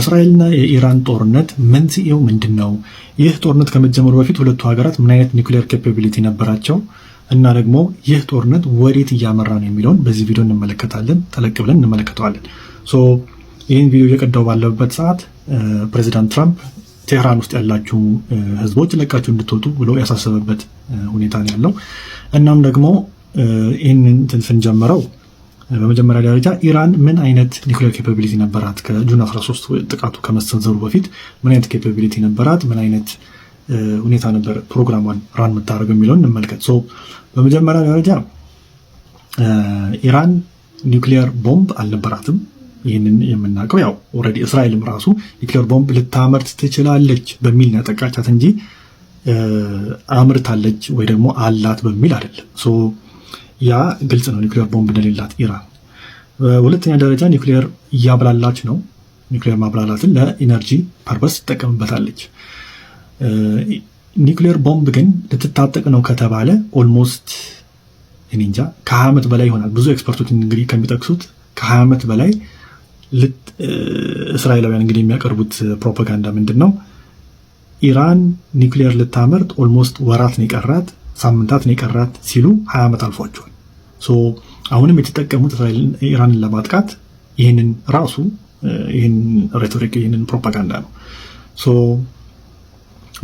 እስራኤልና የኢራን ጦርነት መንስኤው ምንድን ነው? ይህ ጦርነት ከመጀመሩ በፊት ሁለቱ ሀገራት ምን አይነት ኒውክሊየር ኬፓቢሊቲ ነበራቸው እና ደግሞ ይህ ጦርነት ወዴት እያመራ ነው የሚለውን በዚህ ቪዲዮ እንመለከታለን። ጠለቅ ብለን እንመለከተዋለን። ይህን ቪዲዮ እየቀዳው ባለበት ሰዓት ፕሬዚዳንት ትራምፕ ቴህራን ውስጥ ያላችሁ ህዝቦች ለቃችሁ እንድትወጡ ብሎ ያሳሰበበት ሁኔታ ነው ያለው። እናም ደግሞ ይህንን ስንጀምረው በመጀመሪያ ደረጃ ኢራን ምን አይነት ኒውክሌር ኬፓቢሊቲ ነበራት? ከጁን 13 ጥቃቱ ከመሰንዘሩ በፊት ምን አይነት ኬፓቢሊቲ ነበራት? ምን አይነት ሁኔታ ነበር ፕሮግራሟን ራን የምታደርገው የሚለውን እንመልከት። በመጀመሪያ ደረጃ ኢራን ኒውክሊየር ቦምብ አልነበራትም። ይህንን የምናውቀው ያው ኦልሬዲ እስራኤልም ራሱ ኒውክሊየር ቦምብ ልታመርት ትችላለች በሚል ያጠቃቻት እንጂ አምርታለች ወይ ደግሞ አላት በሚል አይደለም። ያ ግልጽ ነው፣ ኒውክሊየር ቦምብ እንደሌላት ኢራን። በሁለተኛ ደረጃ ኒውክሊየር እያብላላች ነው። ኒውክሊየር ማብላላትን ለኢነርጂ ፐርፐስ ትጠቀምበታለች። ኒውክሊየር ቦምብ ግን ልትታጠቅ ነው ከተባለ ኦልሞስት እኔ እንጃ ከሀያ ዓመት በላይ ይሆናል። ብዙ ኤክስፐርቶች እንግዲህ ከሚጠቅሱት ከሀያ ዓመት በላይ እስራኤላውያን እንግዲህ የሚያቀርቡት ፕሮፓጋንዳ ምንድን ነው? ኢራን ኒውክሊየር ልታመርት ኦልሞስት ወራት ነው የቀራት፣ ሳምንታት ነው የቀራት ሲሉ ሀያ ዓመት አልፏቸዋል። አሁንም የተጠቀሙት ኢራንን ለማጥቃት ይህንን ራሱ ይህን ሬቶሪክ ይህንን ፕሮፓጋንዳ ነው።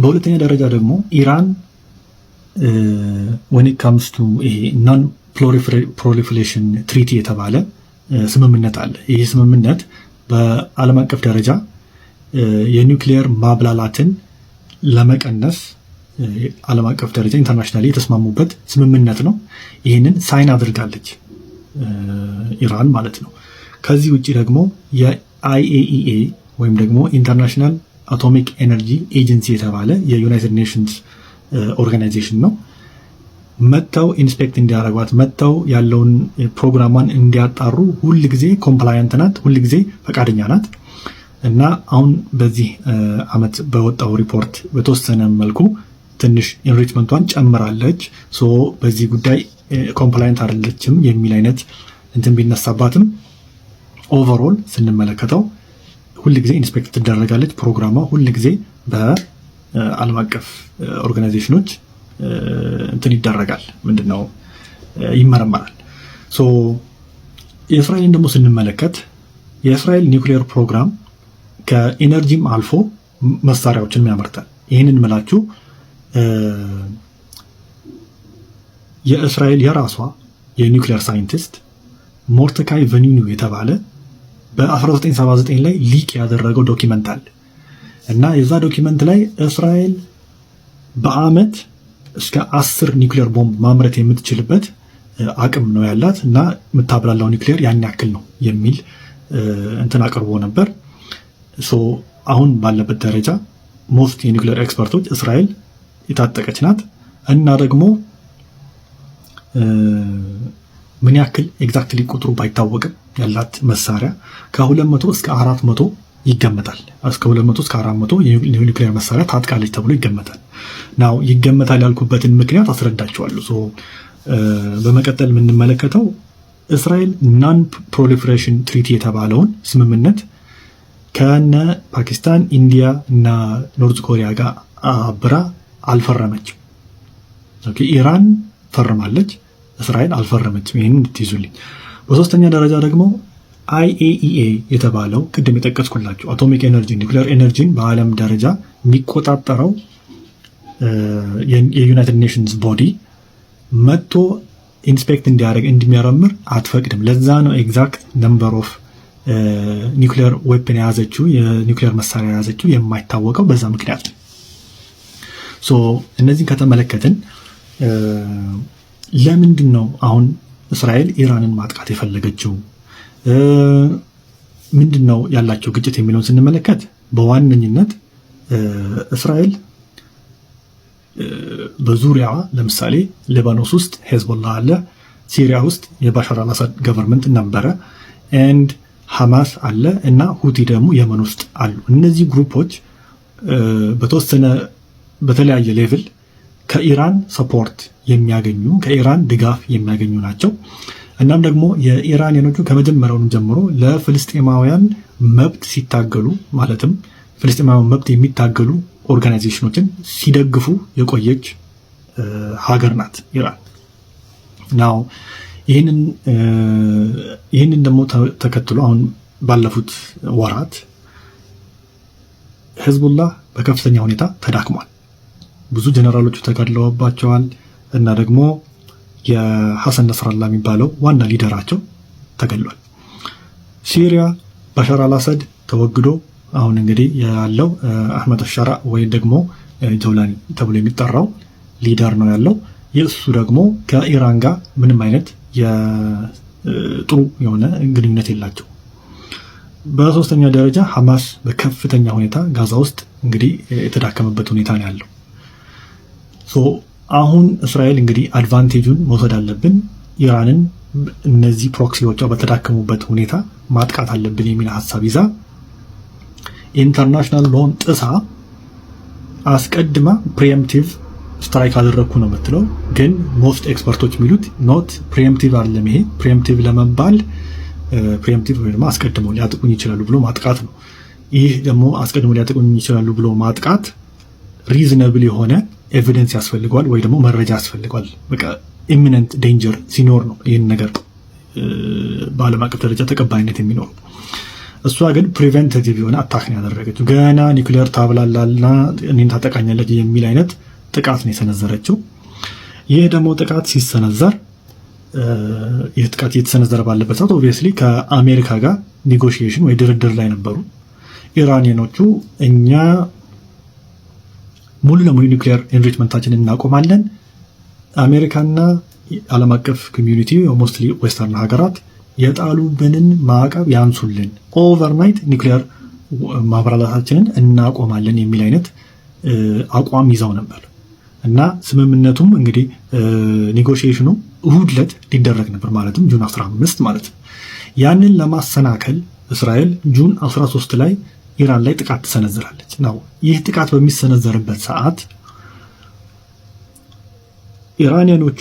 በሁለተኛ ደረጃ ደግሞ ኢራን ወን ካምስ ቱ ይሄ ናን ፕሮሊፌሬሽን ትሪቲ የተባለ ስምምነት አለ። ይህ ስምምነት በዓለም አቀፍ ደረጃ የኒውክሊየር ማብላላትን ለመቀነስ ዓለም አቀፍ ደረጃ ኢንተርናሽናል የተስማሙበት ስምምነት ነው። ይህንን ሳይን አድርጋለች ኢራን ማለት ነው። ከዚህ ውጭ ደግሞ የአይኤኢኤ ወይም ደግሞ ኢንተርናሽናል አቶሚክ ኤነርጂ ኤጀንሲ የተባለ የዩናይትድ ኔሽንስ ኦርጋናይዜሽን ነው። መጥተው ኢንስፔክት እንዲያደርጓት መጥተው ያለውን ፕሮግራሟን እንዲያጣሩ ሁል ጊዜ ኮምፕላያንት ናት፣ ሁል ጊዜ ፈቃደኛ ናት እና አሁን በዚህ ዓመት በወጣው ሪፖርት በተወሰነ መልኩ ትንሽ ኢንሪችመንቷን ጨምራለች፣ በዚህ ጉዳይ ኮምፕላይንት eh, አይደለችም የሚል አይነት እንትን ቢነሳባትም ኦቨሮል ስንመለከተው ሁል ጊዜ ኢንስፔክት ትደረጋለች። ፕሮግራሟ ጊዜ በዓለም eh, አቀፍ ኦርጋናይዜሽኖች eh, እንትን ይደረጋል፣ ምንድነው ይመረመራል። የእስራኤልን ደግሞ ስንመለከት የእስራኤል ኒውክሊየር ፕሮግራም ከኢነርጂም አልፎ መሳሪያዎችን ያመርታል። ይህንን ምላችሁ የእስራኤል የራሷ የኒውክሊየር ሳይንቲስት ሞርተካይ ቨኒኑ የተባለ በ1979 ላይ ሊቅ ያደረገው ዶኪመንት አለ እና የዛ ዶኪመንት ላይ እስራኤል በአመት እስከ አስር ኒውክሊየር ቦምብ ማምረት የምትችልበት አቅም ነው ያላት እና የምታብላላው ኒውክሊየር ያን ያክል ነው የሚል እንትን አቅርቦ ነበር። አሁን ባለበት ደረጃ ሞስት የኒውክሊየር ኤክስፐርቶች እስራኤል የታጠቀች ናት እና ደግሞ ምን ያክል ኤግዛክትሊ ቁጥሩ ባይታወቅም ያላት መሳሪያ ከሁለት መቶ እስከ 400 መቶ ይገመታል። እስከ 200 እስከ 400 መቶ የኒውክሌር መሳሪያ ታጥቃለች ተብሎ ይገመታል። ናው ይገመታል ያልኩበትን ምክንያት አስረዳችኋለሁ። በመቀጠል የምንመለከተው እስራኤል ናን ፕሮሊፍሬሽን ትሪቲ የተባለውን ስምምነት ከነ ፓኪስታን፣ ኢንዲያ እና ኖርዝ ኮሪያ ጋር አብራ አልፈረመችም። ኢራን ፈርማለች፣ እስራኤል አልፈረመችም። ይህን እንድትይዙልኝ። በሶስተኛ ደረጃ ደግሞ አይኤኢኤ የተባለው ቅድም የጠቀስኩላቸው አቶሚክ ኤነርጂ ኒውክሊየር ኤነርጂን በዓለም ደረጃ የሚቆጣጠረው የዩናይትድ ኔሽንስ ቦዲ መጥቶ ኢንስፔክት እንዲያደርግ እንዲመረምር አትፈቅድም። ለዛ ነው ኤግዛክት ነምበር ኦፍ ኒውክሊየር ዌፕን የያዘችው የኒውክሊየር መሳሪያ የያዘችው የማይታወቀው በዛ ምክንያት ነው። እነዚህን ከተመለከትን ለምንድን ነው አሁን እስራኤል ኢራንን ማጥቃት የፈለገችው? ምንድን ነው ያላቸው ግጭት የሚለውን ስንመለከት በዋነኝነት እስራኤል በዙሪያዋ ለምሳሌ ሊባኖስ ውስጥ ሄዝቦላ አለ፣ ሲሪያ ውስጥ የባሻር አልአሳድ ገቨርንመንት ነበረ፣ ኤንድ ሐማስ አለ እና ሁቲ ደግሞ የመን ውስጥ አሉ። እነዚህ ግሩፖች በተወሰነ በተለያየ ሌቭል ከኢራን ሰፖርት የሚያገኙ ከኢራን ድጋፍ የሚያገኙ ናቸው። እናም ደግሞ የኢራንያኖቹ ከመጀመሪያውንም ጀምሮ ለፍልስጤማውያን መብት ሲታገሉ ማለትም ፍልስጤማውያን መብት የሚታገሉ ኦርጋናይዜሽኖችን ሲደግፉ የቆየች ሀገር ናት ኢራን ናው ይህንን ደግሞ ተከትሎ አሁን ባለፉት ወራት ህዝቡላህ በከፍተኛ ሁኔታ ተዳክሟል። ብዙ ጀነራሎቹ ተጋድለውባቸዋል እና ደግሞ የሐሰን ነስራላ የሚባለው ዋና ሊደራቸው ተገድሏል። ሲሪያ ባሻር አልአሰድ ተወግዶ አሁን እንግዲህ ያለው አህመድ አሻራ ወይም ደግሞ ጀውላኒ ተብሎ የሚጠራው ሊደር ነው ያለው። የእሱ ደግሞ ከኢራን ጋር ምንም አይነት ጥሩ የሆነ ግንኙነት የላቸው። በሶስተኛ ደረጃ ሐማስ በከፍተኛ ሁኔታ ጋዛ ውስጥ እንግዲህ የተዳከመበት ሁኔታ ነው ያለው። አሁን እስራኤል እንግዲህ አድቫንቴጁን መውሰድ አለብን፣ ኢራንን እነዚህ ፕሮክሲዎቿ በተዳከሙበት ሁኔታ ማጥቃት አለብን የሚል ሀሳብ ይዛ ኢንተርናሽናል ሎን ጥሳ አስቀድማ ፕሪምቲቭ ስትራይክ አደረግኩ ነው የምትለው። ግን ሞስት ኤክስፐርቶች የሚሉት ኖት ፕሪምቲቭ አለም ይሄ ፕሪምቲቭ ለመባል ፕሪምቲቭ ወይ ደግሞ አስቀድመው ሊያጥቁኝ ይችላሉ ብሎ ማጥቃት ነው። ይህ ደግሞ አስቀድመው ሊያጥቁኝ ይችላሉ ብሎ ማጥቃት ሪዝነብል የሆነ ኤቪደንስ ያስፈልገዋል ወይ ደግሞ መረጃ ያስፈልገዋል። በቃ ኢሚነንት ዴንጀር ሲኖር ነው ይህን ነገር በዓለም አቀፍ ደረጃ ተቀባይነት የሚኖሩ። እሷ ግን ፕሪቨንቲቭ የሆነ አታክ ነው ያደረገችው። ገና ኒውክሊየር ታብላላና እኔን ታጠቃኛለች የሚል አይነት ጥቃት ነው የሰነዘረችው። ይህ ደግሞ ጥቃት ሲሰነዘር ይህ ጥቃት እየተሰነዘረ ባለበት ሰዓት ኦብቪየስሊ ከአሜሪካ ጋር ኔጎሽዬሽን ወይ ድርድር ላይ ነበሩ ኢራኒያኖቹ እኛ ሙሉ ለሙሉ ኒውክሊየር ኤንሪችመንታችንን እናቆማለን። አሜሪካና ዓለም አቀፍ ኮሚዩኒቲ ሞስትሊ ዌስተርን ሀገራት የጣሉብንን ማዕቀብ ያንሱልን፣ ኦቨርናይት ኒውክሊየር ማብራላታችንን እናቆማለን የሚል አይነት አቋም ይዘው ነበር እና ስምምነቱም እንግዲህ ኔጎሽሽኑ እሁድ ዕለት ሊደረግ ነበር ማለትም ጁን 15 ማለት ነው። ያንን ለማሰናከል እስራኤል ጁን 13 ላይ ኢራን ላይ ጥቃት ትሰነዝራለች ነው። ይህ ጥቃት በሚሰነዘርበት ሰዓት ኢራንያኖቹ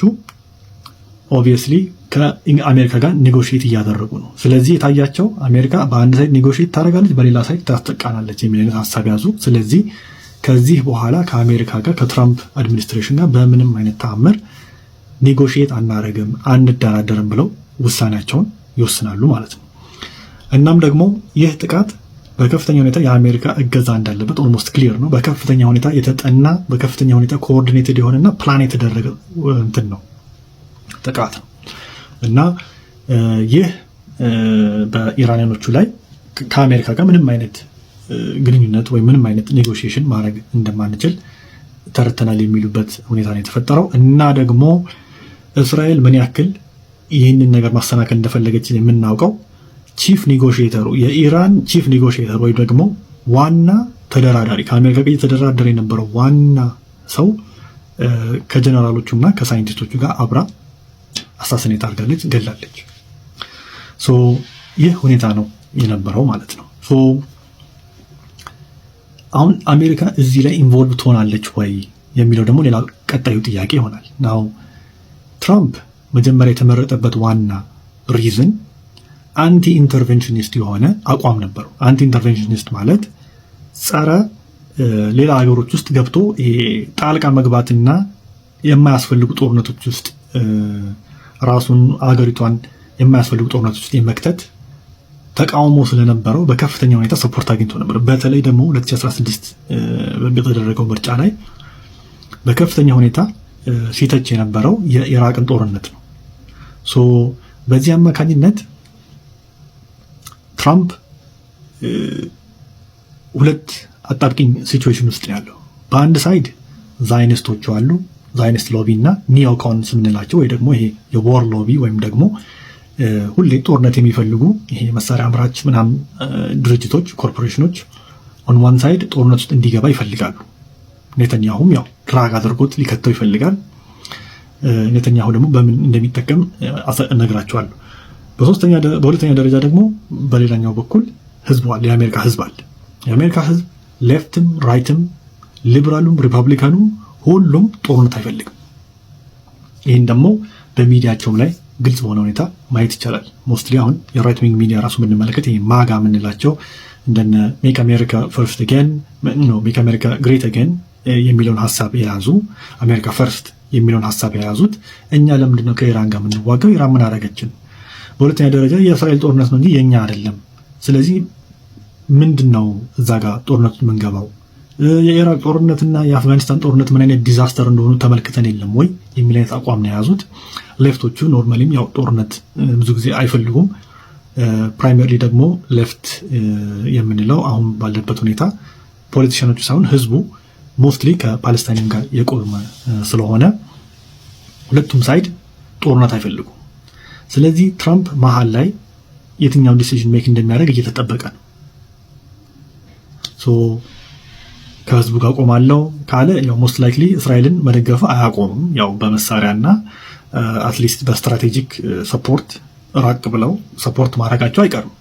ኦብቪየስሊ ከአሜሪካ ጋር ኔጎሽት እያደረጉ ነው። ስለዚህ የታያቸው አሜሪካ በአንድ ሳይድ ኔጎሽት ታደርጋለች፣ በሌላ ሳይድ ታስጠቃናለች የሚል አይነት ሀሳብ ያዙ። ስለዚህ ከዚህ በኋላ ከአሜሪካ ጋር ከትራምፕ አድሚኒስትሬሽን ጋር በምንም አይነት ተአምር ኔጎሽት አናረግም፣ አንደራደርም ብለው ውሳኔያቸውን ይወስናሉ ማለት ነው። እናም ደግሞ ይህ ጥቃት በከፍተኛ ሁኔታ የአሜሪካ እገዛ እንዳለበት ኦልሞስት ክሊር ነው። በከፍተኛ ሁኔታ የተጠና በከፍተኛ ሁኔታ ኮኦርዲኔትድ የሆነና ፕላን የተደረገ እንትን ነው ጥቃት ነው እና ይህ በኢራንያኖቹ ላይ ከአሜሪካ ጋር ምንም አይነት ግንኙነት ወይም ምንም አይነት ኔጎሽሽን ማድረግ እንደማንችል ተረተናል የሚሉበት ሁኔታ ነው የተፈጠረው እና ደግሞ እስራኤል ምን ያክል ይህንን ነገር ማሰናከል እንደፈለገች የምናውቀው ቺፍ ኔጎሽተሩ የኢራን ቺፍ ኔጎሽተር ወይም ደግሞ ዋና ተደራዳሪ ከአሜሪካ ጋር እየተደራደረ የነበረው ዋና ሰው ከጀነራሎቹ እና ከሳይንቲስቶቹ ጋር አብራ አሳስኔት አድርጋለች፣ ገላለች። ይህ ሁኔታ ነው የነበረው ማለት ነው። አሁን አሜሪካ እዚህ ላይ ኢንቮልቭ ትሆናለች ወይ የሚለው ደግሞ ሌላ ቀጣዩ ጥያቄ ይሆናል። ናው ትራምፕ መጀመሪያ የተመረጠበት ዋና ሪዝን አንቲ ኢንተርቬንሽኒስት የሆነ አቋም ነበረው። አንቲ ኢንተርቬንሽኒስት ማለት ጸረ ሌላ ሀገሮች ውስጥ ገብቶ ጣልቃ መግባትና የማያስፈልጉ ጦርነቶች ውስጥ ራሱን አገሪቷን የማያስፈልጉ ጦርነቶች ውስጥ የመክተት ተቃውሞ ስለነበረው በከፍተኛ ሁኔታ ሰፖርት አግኝቶ ነበር። በተለይ ደግሞ 2016 በተደረገው ምርጫ ላይ በከፍተኛ ሁኔታ ሲተች የነበረው የኢራቅን ጦርነት ነው። በዚህ አማካኝነት ትራምፕ ሁለት አጣብቂኝ ሲትዌሽን ውስጥ ያለው በአንድ ሳይድ ዛይንስቶቹ አሉ ዛይንስት ሎቢ እና ኒዮኮንስ የምንላቸው ወይ ደግሞ ይሄ የዎር ሎቢ ወይም ደግሞ ሁሌ ጦርነት የሚፈልጉ ይሄ መሳሪያ አምራች ምናም ድርጅቶች፣ ኮርፖሬሽኖች ኦን ዋን ሳይድ ጦርነት ውስጥ እንዲገባ ይፈልጋሉ። ኔተንያሁም ያው ድራግ አድርጎት ሊከተው ይፈልጋል። ኔተንያሁ ደግሞ በምን እንደሚጠቀም እነግራቸዋለሁ። በሁለተኛ ደረጃ ደግሞ በሌላኛው በኩል ህዝቡ አለ፣ የአሜሪካ ህዝብ አለ። የአሜሪካ ህዝብ ሌፍትም ራይትም ሊብራሉም ሪፐብሊካኑም ሁሉም ጦርነት አይፈልግም። ይህን ደግሞ በሚዲያቸውም ላይ ግልጽ በሆነ ሁኔታ ማየት ይቻላል። ሞስትሊ አሁን የራይት ዊንግ ሚዲያ ራሱ ብንመለከት ይህ ማጋ የምንላቸው እንደነ ሜክ አሜሪካ ፈርስት ገን ሜክ አሜሪካ ግሬት ገን የሚለውን ሀሳብ የያዙ አሜሪካ ፈርስት የሚለውን ሀሳብ የያዙት እኛ ለምንድነው ከኢራን ጋር የምንዋጋው? ኢራን ምን አደረገችን? በሁለተኛ ደረጃ የእስራኤል ጦርነት ነው እንጂ የእኛ አይደለም። ስለዚህ ምንድን ነው እዛ ጋር ጦርነቱ የምንገባው? የኢራቅ ጦርነትና የአፍጋኒስታን ጦርነት ምን አይነት ዲዛስተር እንደሆኑ ተመልክተን የለም ወይ የሚል አይነት አቋም ነው የያዙት። ሌፍቶቹ ኖርማሊም ያው ጦርነት ብዙ ጊዜ አይፈልጉም። ፕራይመሪሊ ደግሞ ሌፍት የምንለው አሁን ባለበት ሁኔታ ፖለቲሽኖቹ ሳይሆን ህዝቡ ሞስትሊ ከፓለስታይንም ጋር የቆመ ስለሆነ ሁለቱም ሳይድ ጦርነት አይፈልጉም። ስለዚህ ትራምፕ መሀል ላይ የትኛው ዲሲዥን ሜክ እንደሚያደርግ እየተጠበቀ ነው። ከህዝቡ ጋር ቆማለው ካለ ያው ሞስት ላይክሊ እስራኤልን መደገፍ አያቆምም። ያው በመሳሪያና አትሊስት በስትራቴጂክ ሰፖርት ራቅ ብለው ሰፖርት ማድረጋቸው አይቀርም።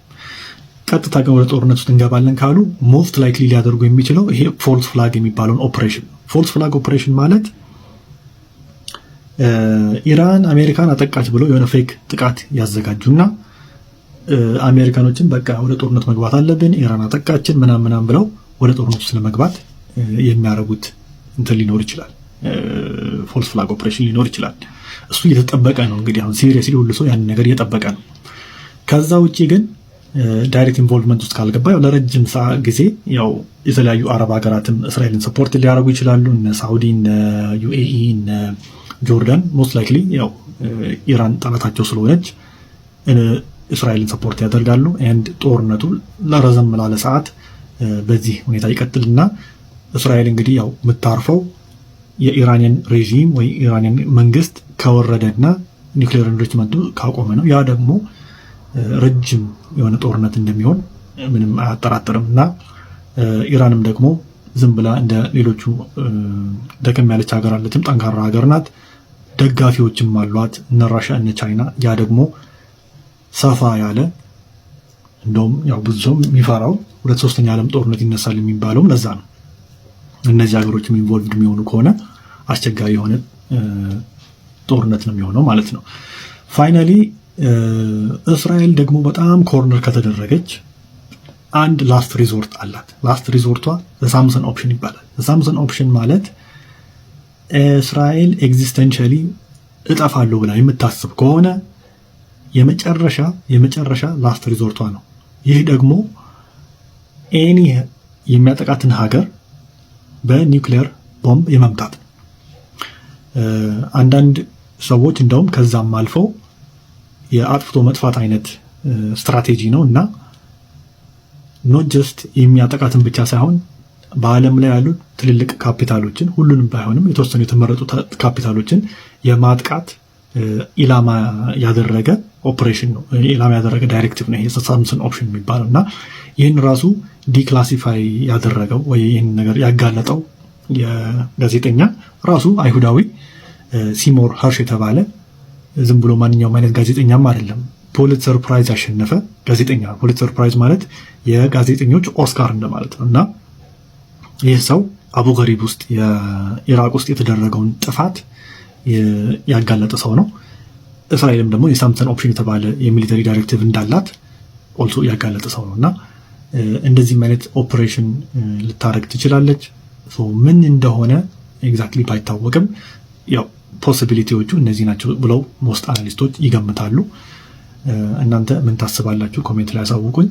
ቀጥታ ግን ወደ ጦርነት ውስጥ እንገባለን ካሉ ሞስት ላይክሊ ሊያደርጉ የሚችለው ይሄ ፎልስ ፍላግ የሚባለውን ኦፕሬሽን። ፎልስ ፍላግ ኦፕሬሽን ማለት ኢራን አሜሪካን አጠቃች ብለው የሆነ ፌክ ጥቃት ያዘጋጁና አሜሪካኖችን በቃ ወደ ጦርነት መግባት አለብን ኢራን አጠቃችን ምናም ምናም ብለው ወደ ጦርነት ውስጥ ለመግባት የሚያደርጉት እንትን ሊኖር ይችላል። ፎልስ ፍላግ ኦፕሬሽን ሊኖር ይችላል። እሱ እየተጠበቀ ነው እንግዲህ አሁን ሲሪየስሊ ሁሉ ሰው ያንን ነገር እየጠበቀ ነው። ከዛ ውጭ ግን ዳይሬክት ኢንቮልቭመንት ውስጥ ካልገባ ያው ለረጅም ሰዓት ጊዜ ያው የተለያዩ አረብ ሀገራትም እስራኤልን ሰፖርት ሊያደርጉ ይችላሉ። እነ ሳውዲ፣ እነ ዩኤኢ፣ e፣ እነ ጆርዳን ሞስት ላይክሊ ያው ኢራን ጠላታቸው ስለሆነች እስራኤልን ሰፖርት ያደርጋሉ። ኤንድ ጦርነቱ ለረዘም ላለ ሰዓት በዚህ ሁኔታ ይቀጥልና እስራኤል እንግዲህ ያው የምታርፈው የኢራኒያን ሬዥም ወይ ኢራኒያን መንግስት ከወረደና ኒክሌር ኢንሪችመንቱ ካቆመ ነው። ያ ደግሞ ረጅም የሆነ ጦርነት እንደሚሆን ምንም አያጠራጥርም እና ኢራንም ደግሞ ዝም ብላ እንደ ሌሎቹ ደከም ያለች ሀገር አለችም፣ ጠንካራ ሀገር ናት። ደጋፊዎችም አሏት እነ ራሻ እነ ቻይና። ያ ደግሞ ሰፋ ያለ እንደውም ያው ብዙ ሰው የሚፈራው ሁለት ሶስተኛ ዓለም ጦርነት ይነሳል የሚባለው ለዛ ነው። እነዚህ ሀገሮች ኢንቮልቭድ የሚሆኑ ከሆነ አስቸጋሪ የሆነ ጦርነት ነው የሚሆነው ማለት ነው። ፋይናሊ እስራኤል ደግሞ በጣም ኮርነር ከተደረገች አንድ ላስት ሪዞርት አላት። ላስት ሪዞርቷ ዘሳምሰን ኦፕሽን ይባላል። ዘሳምሰን ኦፕሽን ማለት እስራኤል ኤግዚስተንሻሊ እጠፋለሁ ብላ የምታስብ ከሆነ የመጨረሻ የመጨረሻ ላስት ሪዞርቷ ነው። ይህ ደግሞ ኤኒ የሚያጠቃትን ሀገር በኒውክሊየር ቦምብ የመምታት ነው። አንዳንድ ሰዎች እንደውም ከዛም አልፈው የአጥፍቶ መጥፋት አይነት ስትራቴጂ ነው እና ኖት ጀስት የሚያጠቃትን ብቻ ሳይሆን በዓለም ላይ ያሉ ትልልቅ ካፒታሎችን ሁሉንም ባይሆንም የተወሰኑ የተመረጡ ካፒታሎችን የማጥቃት ኢላማ ያደረገ ኦፕሬሽን ነው። ኢላማ ያደረገ ዳይሬክቲቭ ነው ሳምሰን ኦፕሽን የሚባለው እና ይህን ራሱ ዲክላሲፋይ ያደረገው ወይ ይህን ነገር ያጋለጠው የጋዜጠኛ ራሱ አይሁዳዊ ሲሞር ሀርሽ የተባለ ዝም ብሎ ማንኛውም አይነት ጋዜጠኛም አይደለም። ፑሊትዘር ፕራይዝ ያሸነፈ ጋዜጠኛ። ፑሊትዘር ፕራይዝ ማለት የጋዜጠኞች ኦስካር እንደማለት ነው እና ይህ ሰው አቡ ገሪብ ውስጥ ኢራቅ ውስጥ የተደረገውን ጥፋት ያጋለጠ ሰው ነው። እስራኤልም ደግሞ የሳምሰን ኦፕሽን የተባለ የሚሊተሪ ዳይሬክቲቭ እንዳላት ኦልሶ ያጋለጠ ሰው ነው እና እንደዚህም አይነት ኦፕሬሽን ልታደረግ ትችላለች። ምን እንደሆነ ኤግዛክትሊ ባይታወቅም ያው ፖሲቢሊቲዎቹ እነዚህ ናቸው ብለው ሞስት አናሊስቶች ይገምታሉ። እናንተ ምን ታስባላችሁ? ኮሜንት ላይ አሳውቁኝ።